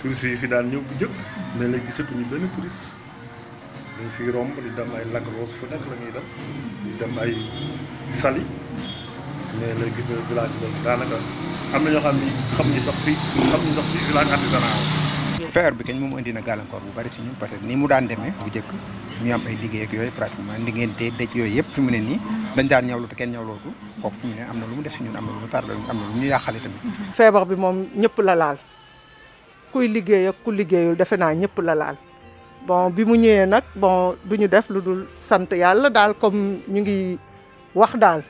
touristes yi fi daan ñëw bu jëkk mais léegi gisatuñu benn touriste dañ romb di dem ay Lac Rose fu nekk la ñuy dem di dem ay sali mais léegi gis na village léegi daanaka am na ñoo xam ni xam ñu sax fi xam ñu sax fi village artisanal feebar bi kañ moom indi na gàllankoor bu bari si ñun parce que ni mu daan demee bu jëkk ñu am ay liggéey ak yooyu pratiquement ndiggante dëj yooyu yëpp fi mu ne nii dañ daan ñawlu kenn fi mu ne am na lu mu def si ñun am na lu mu tardal am na lu yàqale tamit feebar bi moom ñëpp la laal kuy liggéey ak ku liggéeyul defe naa ñëpp la laal bon bi mu ñëwee nag bon du ñu def lu dul sant yàlla daal comme ñu ngi wax daal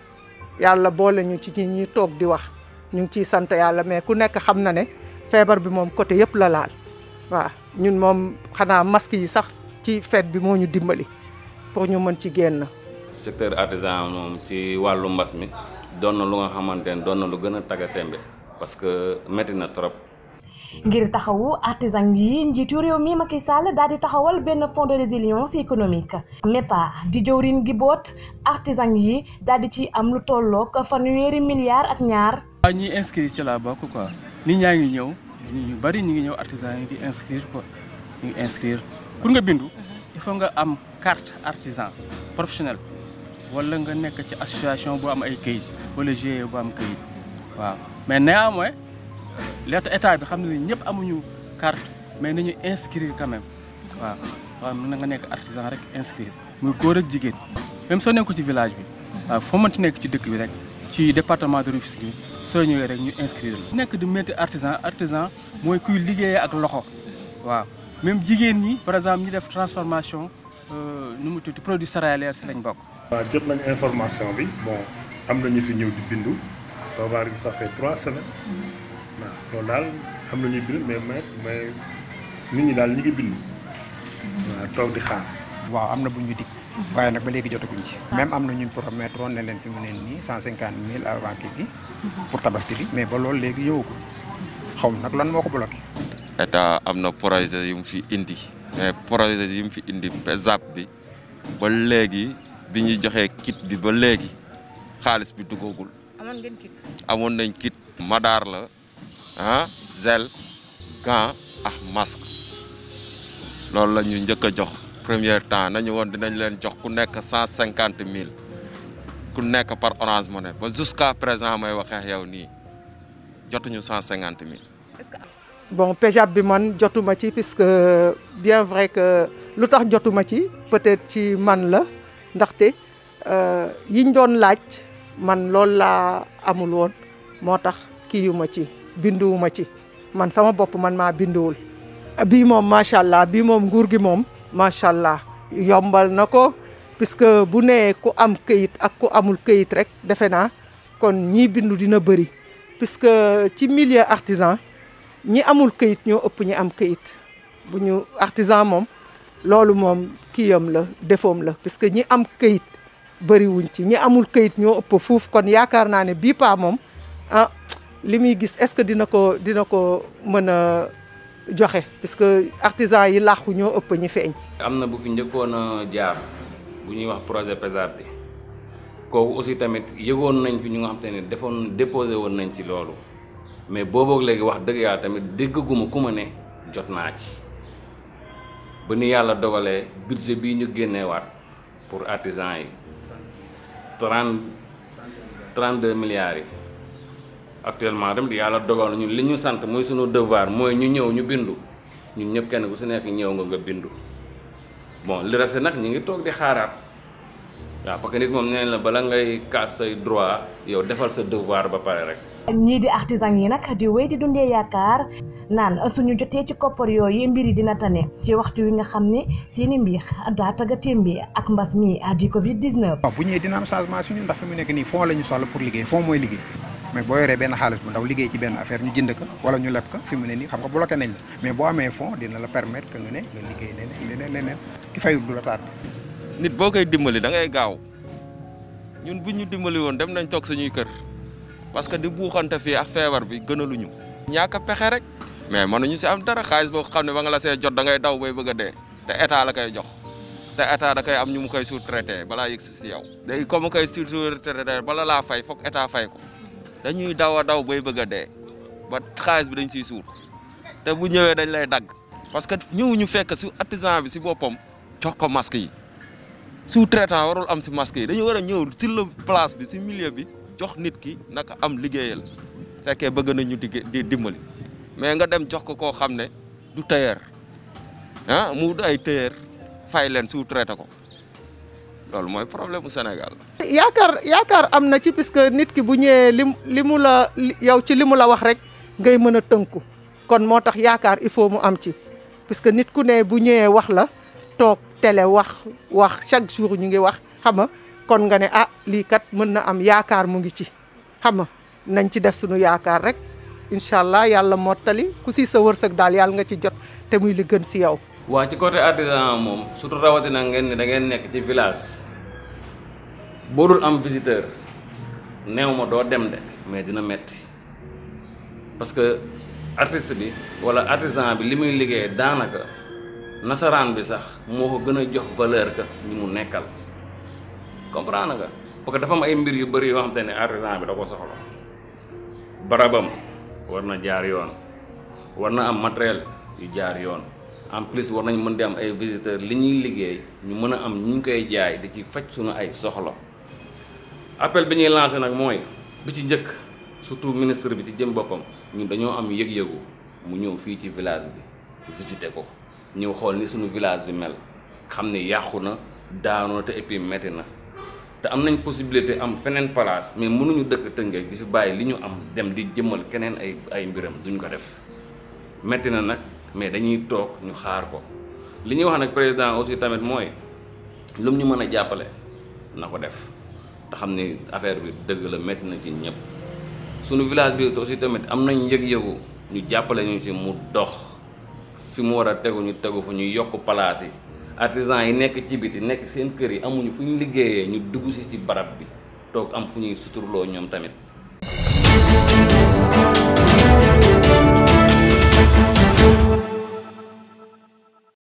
yàlla boole ñu ci ñi toog di wax ñu ngi ciy sant yàlla mais ku nekk xam na ne feebar bi moom côté yëpp la laal waaw ñun moom xanaa masque yi sax ci fête bi moo ñu dimbali pour ñu mën ci génn. secteur artisan moom ci wàllu mbas mi doon na lu nga xamante doon na lu gën a tagga tembe parce que métti na trop. ngir taxawu artisan yi njiitu réew mi Macky Sall daal di taxawal benn fonds de résilience économique MEPA di jëwriñ gi boot artisan yi daal di ci am lu tolloog fanweeri milliards ak ñaar. waaw ñiy inscrire ci laa bokk quoi nit ñaa ngi ñëw ñu bari ñu ngi ñëw artisan yi di inscrire quoi ñu ngi pour nga bindu. il faut nga am carte artisan professionnel wala nga nekk ci association bu am ay këyit wala GIE bu am këyit waaw mais néanmoins lettre état bi xam ñepp amuñu carte mais nañu inscrire quand même waaw waaw mën na nga nek artisan rek inscrire muy góor ak jigen même soo nekku ci village bi waaw foo mënti nek ci dëkk bi rek ci département de Rufisque so soo ñëwee rek ñu inscrire nek nekk di métier artisan artisan moy kuy liggéey ak loxo waaw même jigen ñi par exemple ñi def transformation euh, nu mu tuuti produit céréalier si lañ bokk waaw jot nañ information bi bon am nañu fi ñëw di bindu toogaar bi ça fait 3 semaines loolu daal am na ñuy bind mais mais mais nit ñi daal ñi ngi bind. waaw toog di xaar. waaw am na bu ñu dig. waaye nag ba léegi jotaguñ ci. même am na ñun promettre woon ne leen fi mu ne nii cent cinquante mille avant kii bi. pour tabaski bi mais ba loolu léegi yëwu ko xaw ma nag lan moo ko bloqué. état am na projet yu mu fi indi mais projet yu mu fi indi PESAP bi ba léegi bi ñu joxee kit bi ba léegi xaalis bi duggagul. amoon ngeen kit. amoon nañ kit. Madaar la. ah gel gant ak masque loolu la ñu njëkk a jox premier temps nañu woon dinañ leen jox ku nekk cent cinquante mille ku nekk par Orange Money ba jusqu'à présent may waxee yow nii jotuñu cent cinquante mille bon PEJAB bi man jotuma ci que bien vrai que lu tax jotuma ci peut-être ci man la ndaxte euh, yiñ doon laaj man loolu laa amul woon moo tax kii ma ci binduwuma ci man sama bopp man maa binduwul bii moom macha allah bii moom nguur gi moom macha allah yombal na ko puisque bu nee ku am këyit ak ku amul këyit rek defe naa kon ñii bindu dina bëri puisque ci milieu artisan ñi amul këyit ñoo ëpp ñi am këyit bu ñu artisan moom loolu moom kiyam la defoom la puisque ñi am këyit bëriwuñ ci ñi amul këyit ñoo ëpp fuuf kon yaakaar naa ne bii paa moom ah li muy gis est-ce que dina ko dina ko mën a joxe parce que artisan yi làqu ñoo ëpp ñi feeñ. am na bu fi njëkkoon a jaar bu ñuy wax projet PESAP bi kooku aussi tamit yëgoon nañ fi ñu nga xam te ne defoon déposé woon nañ ci loolu mais booboog léegi wax dëgg yàlla tamit déggaguma ku ma ne jot naa ci ba ni yàlla dogalee budget bii ñu génneewaat pour artisan yi. 30 32 milliards yi. actuellement tamit yàlla dogal ñun li ñu sant muy suñu devoir mooy ñu ñëw ñu bindu ñun ñëpp kenn ku si nekk ñëw nga nga bindu bon li resté nag ñu ngi toog di xaaraat waaw parce nit moom nee la bala ngay kaas say droit yow defal sa devoir ba pare rek. ñii di artisan yi nag di wéy di dundee yaakaar naan suñu jotee ci koppar yooyu mbir yi dina tane ci waxtu wi nga xam ne seeni mbir daa taga témbe ak mbas mi di Covid 19. bu ñëwee dina am changement suñu ndax fi mu nekk nii fond la ñu soxla pour liggéey fond mooy liggéey. mais boo yoree benn xaalis bu ndaw liggéey ci benn affaire ñu jënd ko wala ñu leb ko fi mu ne nii xam nga bloqué nañ la mais boo amee fonds dina la permettre que nga ne nga liggéey leneen leneen leneen ki fayul du la tardé. nit boo koy dimbali da ngay gaaw ñun bu ñu dimbali woon dem nañ sa ñuy kër parce que di buuxante fii ak feebar bi gënaluñu. ñàkk a pexe rek mais mënuñu si am dara xaalis boo xam ne ba nga la see jot da ngay daw booy bëgg a dee te état la koy jox. te état da koy am ñu mu koy sous-traité balaa yëg si si yow. day comme koy sous-traité bala laa fay foog état fay ko. dañuy daw a daw bay bëgg a dee ba xaalis bi dañ siy suur te bu ñëwee dañ lay dagg parce que ñëw ñu fekk si artisan bi si boppam jox ko masque yi su traitant warul am si masque yi dañu war a ñëw si la place bi si milieu bi jox nit ki naka am liggéeyal fekkee bëgg nañu di dimbali mais nga dem jox ko koo xam ne du tailleur ah mu du ay tailleur fay leen sous-traité ko loolu mooy problème mu Sénégal. yaakaar yaakaar am na ci puisque nit ki bu ñëwee lim li mu la yow ci li mu la wax rek ngay mën a tënku kon moo tax yaakaar il faut mu am ci puisque nit ku ne bu ñëwee wax la toog télé wax wax chaque jour ñu ngi wax xam kon nga ne ah lii kat mën na am yaakaar mu ngi ci xam nga nañ ci def suñu yaakaar rek incha allah yàlla mottali ku si sa wërsëg daal yàlla nga ci jot te muy li gën si yow. waa ci côté artisanat moom surtout rawatina ngeen ni da ngeen nekk ci village boo dul am visiteur neew ma doo dem de mais dina metti parce que artiste bi wala artisan bi li muy liggéey daanaka nasaraan bi sax moo ko gën a jox valeur ka ñu mu nekkal comprendre nga parce que dafa am ay mbir yu bëri yoo xam ni ne artisan bi da ko soxla barabam war na jaar yoon war na am matériel yu jaar yoon en plus war nañ mën di am ay visiteurs li ñuy liggéey ñu mën a am ñu ngi koy jaay di ci faj suñu ay soxla appel bi ñuy lancé nag mooy bi ci njëkk surtout ministre bi ci jëm boppam ñun dañoo am yëg-yëgu mu ñëw fii ci village bi visité ko ñëw xool ni suñu village bi mel xam ne yàqu na daanu na te et puis na te am nañ possibilité am feneen place mais mënuñu dëkk Tëngéej di fi bàyyi li ñu am dem di jëmmal keneen ay ay mbiram duñ ko def métti na nag mais dañuy toog ñu xaar ko li ñuy wax nag président aussi tamit mooy lu mu ñu mën a jàppale na ko def te xam ni affaire bi dëgg la métti na ci ñëpp sunu village bi aussi tamit am nañ yëg-yëgu ñu jàppale ñu ci mu dox fi mu war a tegu ñu tegu fa ñu yokk palaas yi artisan yi nekk ci bit yi nekk seen kër yi amuñu fu ñu liggéeyee ñu dugg si ci barab bi toog am fu ñuy suturloo ñoom tamit